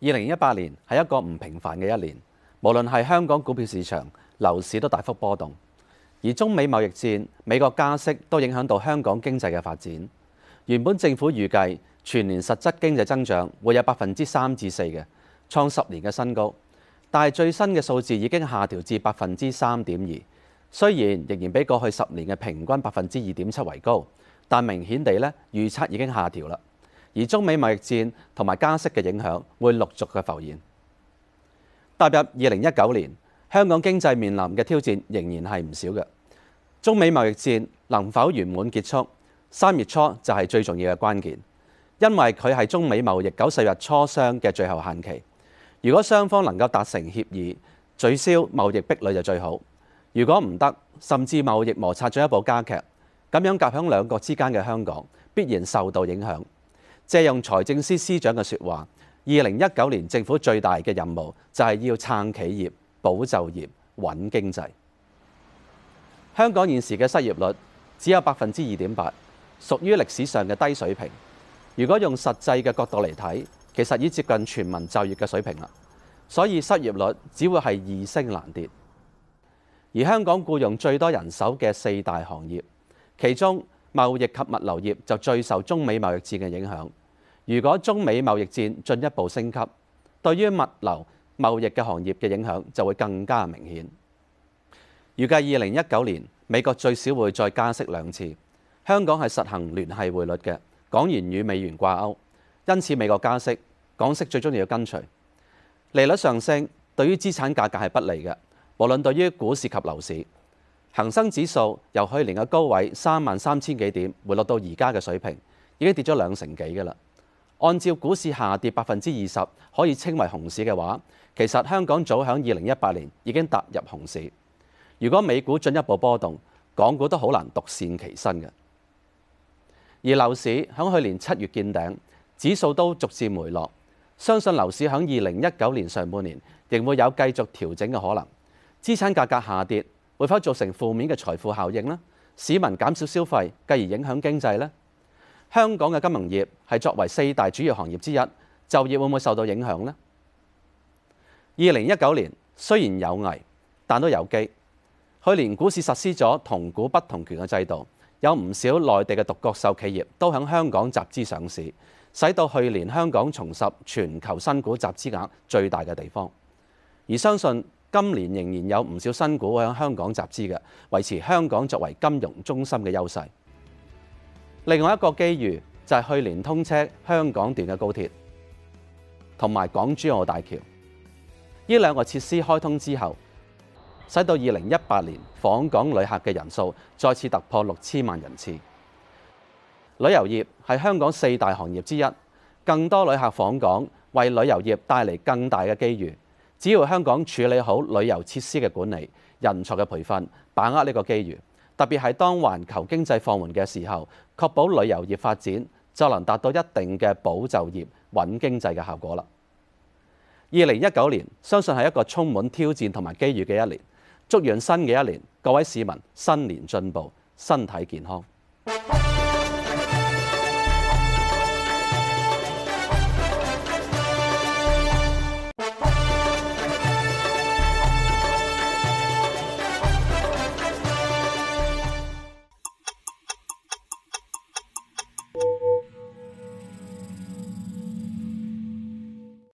二零一八年係一個唔平凡嘅一年，無論係香港股票市場、樓市都大幅波動，而中美貿易戰、美國加息都影響到香港經濟嘅發展。原本政府預計全年實質經濟增長會有百分之三至四嘅，創十年嘅新高，但係最新嘅數字已經下調至百分之三點二。雖然仍然比過去十年嘅平均百分之二點七為高，但明顯地呢，預測已經下調啦。而中美貿易戰同埋加息嘅影響會陸續嘅浮現。踏入二零一九年，香港經濟面臨嘅挑戰仍然係唔少嘅。中美貿易戰能否圓滿結束？三月初就係最重要嘅關鍵，因為佢係中美貿易九十日磋商嘅最後限期。如果雙方能夠達成協議，取消貿易壁壘就最好；如果唔得，甚至貿易摩擦進一步加劇，咁樣夾響兩國之間嘅香港必然受到影響。借用財政司司長嘅説話，二零一九年政府最大嘅任務就係要撐企業、保就業、穩經濟。香港現時嘅失業率只有百分之二點八，屬於歷史上嘅低水平。如果用實際嘅角度嚟睇，其實已接近全民就業嘅水平啦。所以失業率只會係易升難跌。而香港僱用最多人手嘅四大行業，其中貿易及物流業就最受中美貿易戰嘅影響。如果中美貿易戰進一步升級，對於物流貿易嘅行業嘅影響就會更加明顯。預計二零一九年美國最少會再加息兩次。香港係實行聯繫匯率嘅，港元與美元掛鈎，因此美國加息，港息最終要跟隨。利率上升對於資產價格係不利嘅，無論對於股市及樓市。恒生指數由去年嘅高位三萬三千幾點回落到而家嘅水平，已經跌咗兩成幾㗎啦。按照股市下跌百分之二十可以稱為熊市嘅話，其實香港早喺二零一八年已經踏入熊市。如果美股進一步波動，港股都好難獨善其身嘅。而樓市喺去年七月見頂，指數都逐漸回落，相信樓市喺二零一九年上半年仍會有繼續調整嘅可能，資產價格下跌。會否造成負面嘅財富效應呢？市民減少消費，繼而影響經濟呢？香港嘅金融業係作為四大主要行業之一，就業會唔會受到影響呢？二零一九年雖然有危，但都有機。去年股市實施咗同股不同權嘅制度，有唔少內地嘅獨角獸企業都喺香港集資上市，使到去年香港重拾全球新股集資額最大嘅地方，而相信，今年仍然有唔少新股喺香港集資嘅，維持香港作為金融中心嘅優勢。另外一個機遇就係去年通車香港段嘅高鐵，同埋港珠澳大橋。呢兩個設施開通之後，使到二零一八年訪港旅客嘅人數再次突破六千萬人次。旅遊業係香港四大行業之一，更多旅客訪港為旅遊業帶嚟更大嘅機遇。只要香港處理好旅遊設施嘅管理、人才嘅培訓，把握呢個機遇，特別係當環球經濟放緩嘅時候，確保旅遊業發展，就能達到一定嘅保就業、穩經濟嘅效果啦。二零一九年相信係一個充滿挑戰同埋機遇嘅一年，祝願新嘅一年各位市民新年進步、身體健康。